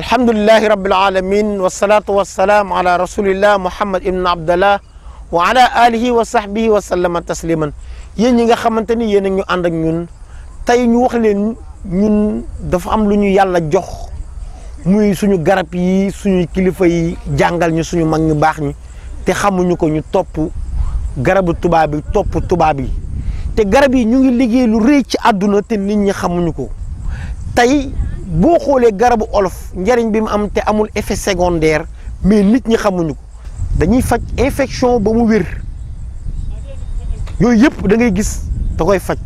الحمد لله رب العالمين والصلاة والسلام على رسول الله محمد ابن عبد الله وعلى آله وصحبه وسلم تسليما ييغا خامتاني يي نيو اند اك نون تاي نيو واخ لين نون دا فا ام لونيو يالا جوخ موي سونو غراب يي سونو كليفا يي جانغال ني سونو ماغ ني باخ ني تي خامو نيو كو ني توپ غراب توبا بي توپ توبا بي تي غراب يي نيغي ليغي لو ري تي ادونا تي نيت كو تاي boo xoolee garabu olof njariñ bi mu am te amul effet secondaire mais nit ñi xamuñu ko dañuy faj infection ba mu wér yooyu yëpp da ngay gis da koy faj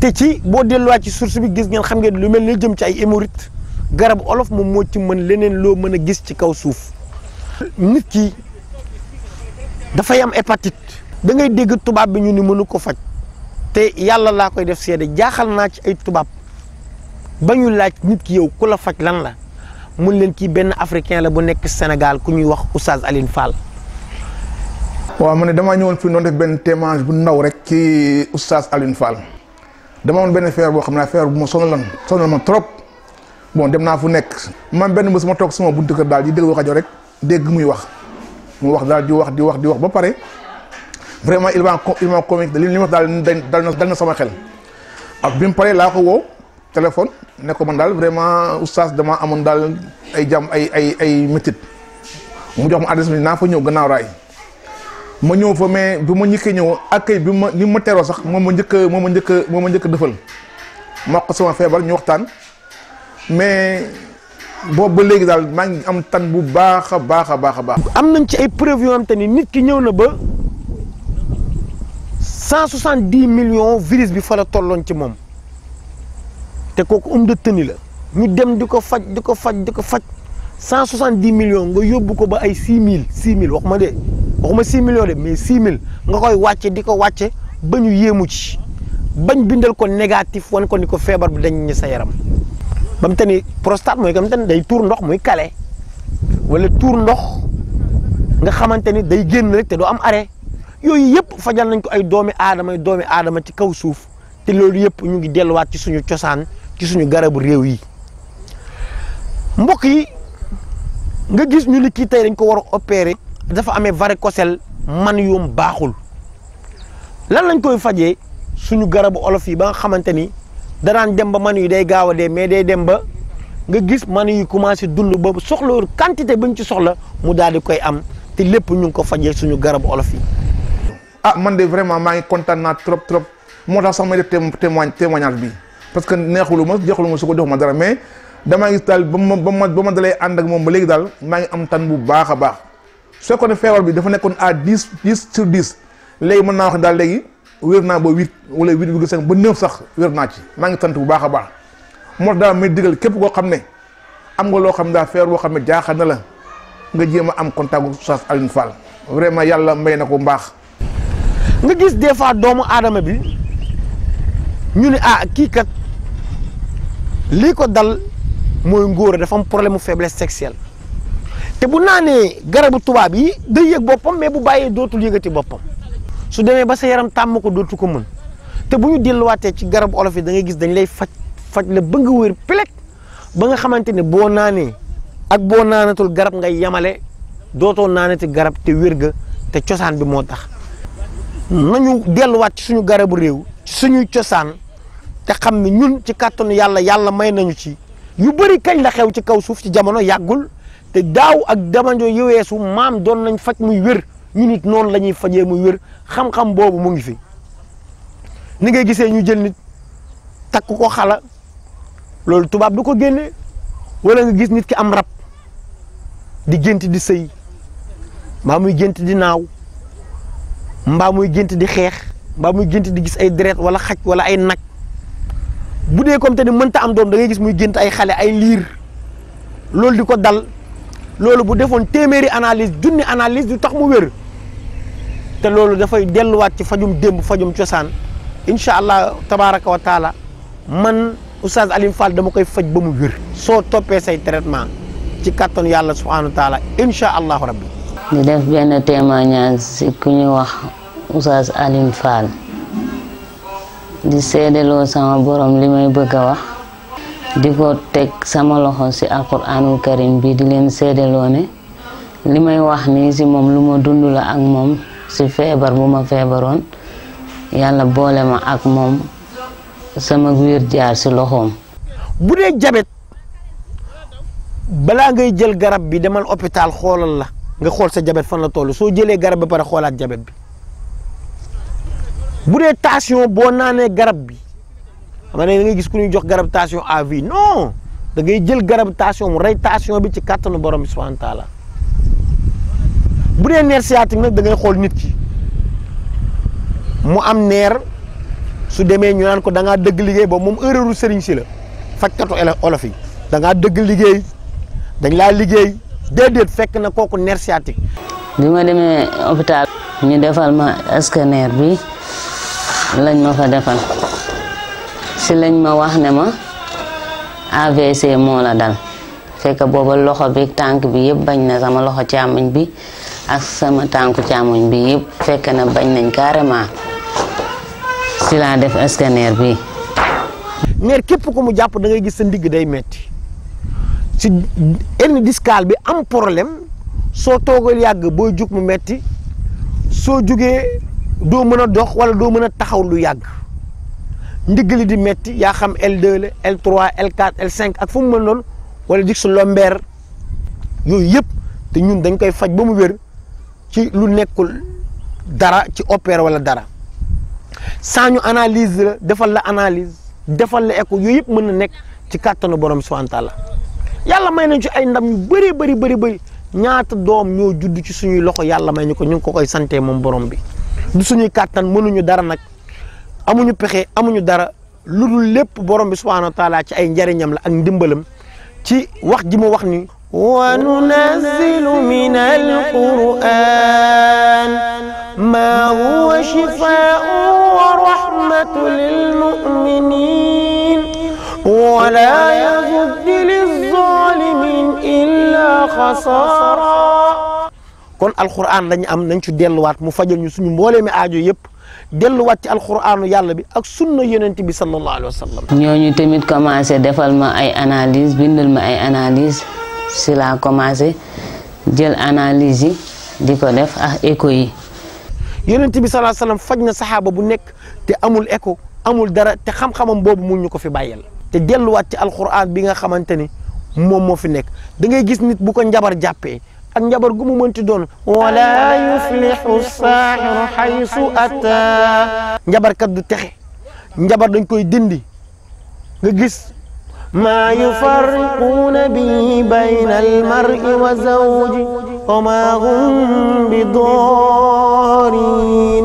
te ci boo delluwaat ci source bi gis ngeen xam ngeen lu mel ni jëm ci ay hémorroïdes garabu olof moom moo ci mën leneen loo mën a gis ci kaw suuf nit ki dafay am hépatite dangay dégg tubaab bi ñu ni mënu ko faj te yàlla laa koy def seede jaaxal naa ci ay tubaab ba ñu laaj nit ki yow ku la faj lan la mun leen kii benn africain la bu nekk Sénégal ku ñuy wax Oustaz Alioune Fall. waaw ma ne damaa ñëwoon fii noonu def benn témoignage bu ndaw rek ci Oustaz Alioune Fall dama woon benn feer boo xam ne affaire bu ma sonaloon sonal ma trop bon dem naa fu nekk man benn bés ma toog sama buntu kër daal di déglu rajo rek dégg muy wax mu wax daal di wax di wax di wax ba pare vraiment il m'a il m'a li ma wax daal dal na sama xel ak bi mu paree téléphone ne ko man daal vraiment oustaz dama amoon daal ay jàmm ay ay ay métit mu jox ma adresse bi naa fa ñëw gannaaw raay ma ñëw fa mais bi ma njëkkee ñëw accueil bi ma ni ma teroo sax moom ma njëkk moom ma njëkk moom ma njëkk defal ma ko sama feebar ñu waxtaan mais boobu ba léegi daal maa ngi am tan bu baax a baax a baax a baax. am nañ ci ay preuve yoo xam te nit ki ñëw na ba cent soixante dix millions virus bi fa la tolloon ci moom. te kooku homme de tenue la ñu dem di ko faj di ko faj di ko faj cent soixante dix millions nga yóbbu ko ba ay six mille six mille waxuma de waxuma six millions de mais six mille nga koy wàcce di ko wàcce ba ñu yéemu ci bañ bindal ko négatif wan ko ni ko feebar bi dañ sa yaram ba mu te ni prostate mooy kam te day tuur ndox muy kale wala tuur ndox nga xamante ni day génn rek te doo am arrêt yooyu yëpp fajal nañ ko ay doomi aadama ay doomi aadama ci kaw suuf te loolu yëpp ñu ngi delluwaat ci suñu cosaan suñu garabu réew yi mbokk yi nga gis ñu ni kii tey dañ ko war a opeere dafa amee kosel man yoom baaxul lan lañ koy fajee suñu garabu olof yi ba nga xamante ni danaan dem ba man yu day gaaw a dee mais day dem ba nga gis man yu commencé dund ba soxla quantité bi ñu ci soxla mu daal di koy am te lépp ñu ngi ko fajee suñu garabu olof yi. ah man de vraiment maa ngi kontaan naa trop trop moo tax sax may def témoignage témoignage bi. parce que neexulu ma joxulu ma su ko jox ma dara mais damaa ngi daal ba ma ba ma ba ma dalee ànd ak moom ba léegi daal maa ngi am tan bu baax a baax soo ko ne feebar bi dafa nekkoon à dix dix sur dix léegi mën naa wax daal léegi wér naa ba huit wala huit virgule cinq ba neuf sax wér naa ci maa ngi tant bu baax a baax moo daal may digal képp koo xam ne am nga loo xam ne daal feebar boo xam ne jaaxal na la nga jéem a am contact gu Oustaz Alioune Fall vraiment yàlla may na ko mbaax. nga gis bi ñu ne ah lii ko dal mooy ngóor dafa am problème mu faiblesse sexuelle te bu naanee garabu tubaab yi day yëg boppam mais bu bàyyee dootul yëgati boppam su demee ba sa yaram tàmm ko dootu ko mën te bu ñu delluwaatee ci garabu olof yi da ngay gis dañ lay faj faj la ba nga wér ba nga xamante ne boo naanee ak boo naanatul garab ngay yamale dootoo naanati garab te wér ga te cosaan bi moo tax nañu delluwaat ci suñu garabu réew ci suñuy cosaan. te xamni ñun ci kàttanu yalla yalla may nañu ci yu bari kañ la xew ci kaw suuf ci jamono yagul te daw ak damanjo yi weesu maam doon nañ fajj muy wër ñu nit non lañuy ñuy muy wër xam-xam bobu mu ngi fi ni ngay gisé ñu jël nit tak ko xala lolou tubab du ko génné wala nga gis nit ki am rap di genti di sey mbaa muy genti di naw mba muy genti di xex mbaa muy genti di gis ay dret wala xaj wala ay nak bu dee comme te ni mënta am doom da ngay gis muy gént ay xale ay liir loolu di ko dal loolu bu defoon téeméeri analyse junni analyse du tax mu wér te loolu dafay delluwaat ci fajum démb fajum cosaan incha allah tabaraka wa man oustaz Alioune Fall dama koy faj ba mu wér soo toppee say traitement ci kàttan yàlla subhanahu wa taala incha allahu rabbi ñu def benn témoignage si ku ñu wax oustaz Alioune di seedeloo sama borom lima may kawah, di kotek sama loxo ci alquranul karim bi di leen ne lima may wax nii mom moom lu ma dund la ak mom ci ma feebaroon ma ak mom sama guir jaar ci loxoom bu jabet balaa ngay jël garab bi demal hôpital lah la nga sa jabet fan la toll soo garab ba kholat xoolaat jabet bi bu dee tension boo naanee garab bi xam ne da ngay gis ku ñuy jox garab tension à vie non da ngay jël garab tension mu rey tension bi ci kàttanu borom bi subhanahu taala bu dee nerf sciatique nag da ngay xool nit ki mu am neer su demee ñu naan ko da ngaa dëgg liggéey boobu moom erreuru sëriñ si la fajkatu olof yi da ngaa dëgg liggéey dañ laa liggéey déedéet fekk na kooku nerf sciatique. bi ma demee hôpital ñu defal ma scanner bi. lañ ma fa defal si lañ ma wax ne ma AVC moo la dal fekk booba loxo bi tànk bi yëpp bañ na sama loxo càmmoñ bi ak sama tànku càmmoñ bi yëpp fekk na bañ nañ carrément si laa def scanner bi neer képp ko mu jàpp dangay gis sa ndigg day metti si hernie discale bi am problème soo toogal yàgg booy jug mu metti soo jugee doo mën a dox wala doo mën a taxaw lu yàgg ndigg li di metti yaa xam L2 la L3 L4 L5 ak fu mu mën doon wala disque lombaire yooyu yëpp te ñun dañ koy faj ba mu wér ci lu nekkul dara ci opéré wala dara saa ñu analyse la defal la analyse defal la écho yooyu yëpp mën na nekk ci kàttanu borom subhanahu wa yàlla may nañ ci ay ndam yu bëri bëri bëri bëri ñaata doom ñoo judd ci suñuy loxo yàlla may ñu ko ñu ngi ko koy sante moom borom bi du suñuy kàttan mënuñu dara nag amuñu pexe amuñu dara lu lépp borom bi subhanahu wa taala ci ay njariñam la ak ndimbalam ci wax ji mu wax ni wa nunazzilu min alquran ma huwa shifaa'u wa rahmatu lil mu'minin wa la yaziddu lil zalimin illa khasara kon alquran lañu am nañ ci delu wat mu fajal ñu suñu mboolee mi yep delu wat ci alquranu yàlla bi ak sunna yenente bi sallallahu alaihi wasallam ñoñu tamit commencé defal ma ay analyse bindal ma ay analyse cela commencé jël analyse yi di def ak écho yi yenente bi sallallahu alaihi wasallam fajna sahaba bu nek te amul écho amul dara te xam-xamam bobu mu ñu ko fi bayal te delu wat ci alquran bi nga xamanteni mom mo fi nek da ngay gis nit bu ko njabar jappé ak njaboot gu mu mënti doon wala yuflihu saaxiru xaysu ata njabarkat du texe njabar dañ koy dindi nga gis ما يفرقون به بين المرء وزوجه وما هم بضارين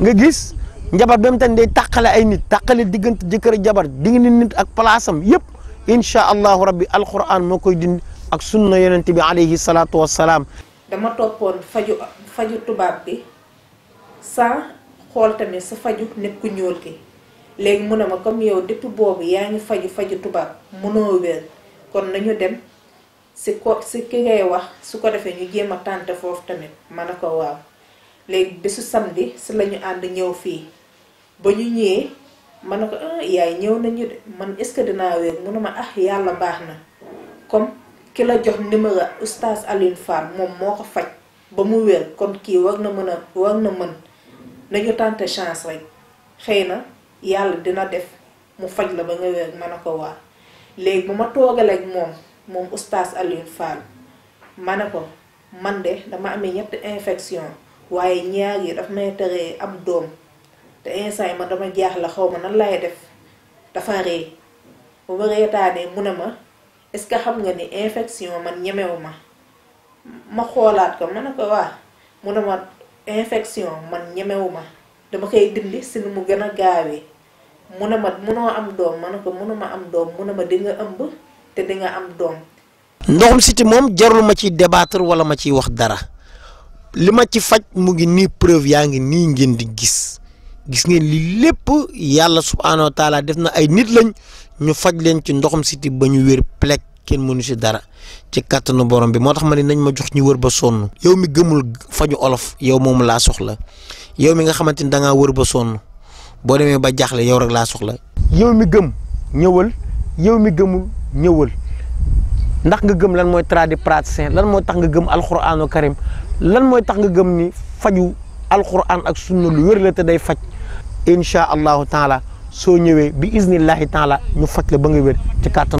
nga gis njabar bam tan day tàqale ay nit tàqale diggante jëkkër jabar digg nit ak palaasam yépp insha allahu rabbi alquran moo koy dindi ak sunna yonent bi alayhi salaatu wassalaam dama toppoon faju faju tubaab bi saa xool tamit sa faju nit ku ñuul ki léegi mu ne ma comme yow depuis boobu yaa ngi faju faju tubaab mënoo wér kon nañu dem si ko si ki wax su ko defee ñu jéem a tànte foofu tamit ma ne ko waaw léegi bésu samedi si la ñu ànd ñëw fii ba ñu ñëwee ma ne ah, yaay ñëw nañu de man est ce que dinaa wér mu ma ah yàlla baax na comme ki la jox numéro oustaz Alioune Fall moom moo ko faj ba mu wér kon kii war na mën a war na mën nañu tenter chance rek xëy na yàlla dina def mu faj la ba nga wér mane ko waa léegi bu ma toogalee ak moom moom oustaz Alioune Fall ma ne ko man de dama amee ñett infection waaye ñaar yi daf may teree am doom te instant yi ma dama jaaxle xaw ma nan lay def dafa rëy bu ma reetaanee mu ne ma est ce que xam nga ni infection man ñemewuma ma xolaat ko ma ko wa mu ne ma infection man ñemewuma dama kay dindi sinu mu gëna gaawé mu ne ma munoo am doom ma ko ko ma am doom mu ne ma di nga ëmb te di nga am doom ndoxum siti moom jarul ma ci débattre wala ma ci wax dara li ma ci faj mu ngi nii preuve yaa ngi nii ngeen di gis gis ngeen li lépp yàlla subhanahu wa taala def ay nit lañ ñu faj leen ci ndoxum siti ba ñu wër plek kenn mënu ci dara ci kàttanu borom bi moo tax ma ni nañ ma jox ñu wër ba sonn yow mi gëmul faju olof yow moom laa soxla yow mi nga xamante ni da ngaa wër ba sonn boo demee ba jaaxle yow rek laa soxla. yow mi gëm ñëwal yow mi gëmul ñëwal ndax nga gëm lan mooy tradipraticien lan mooy tax nga gëm karim lan mooy tax nga gëm ni faju alquran ak sunna lu wér la te day faj insha allahu taala. soo ñëwee bi isnillahi taala ñu faj la ba nga wér ci kàttan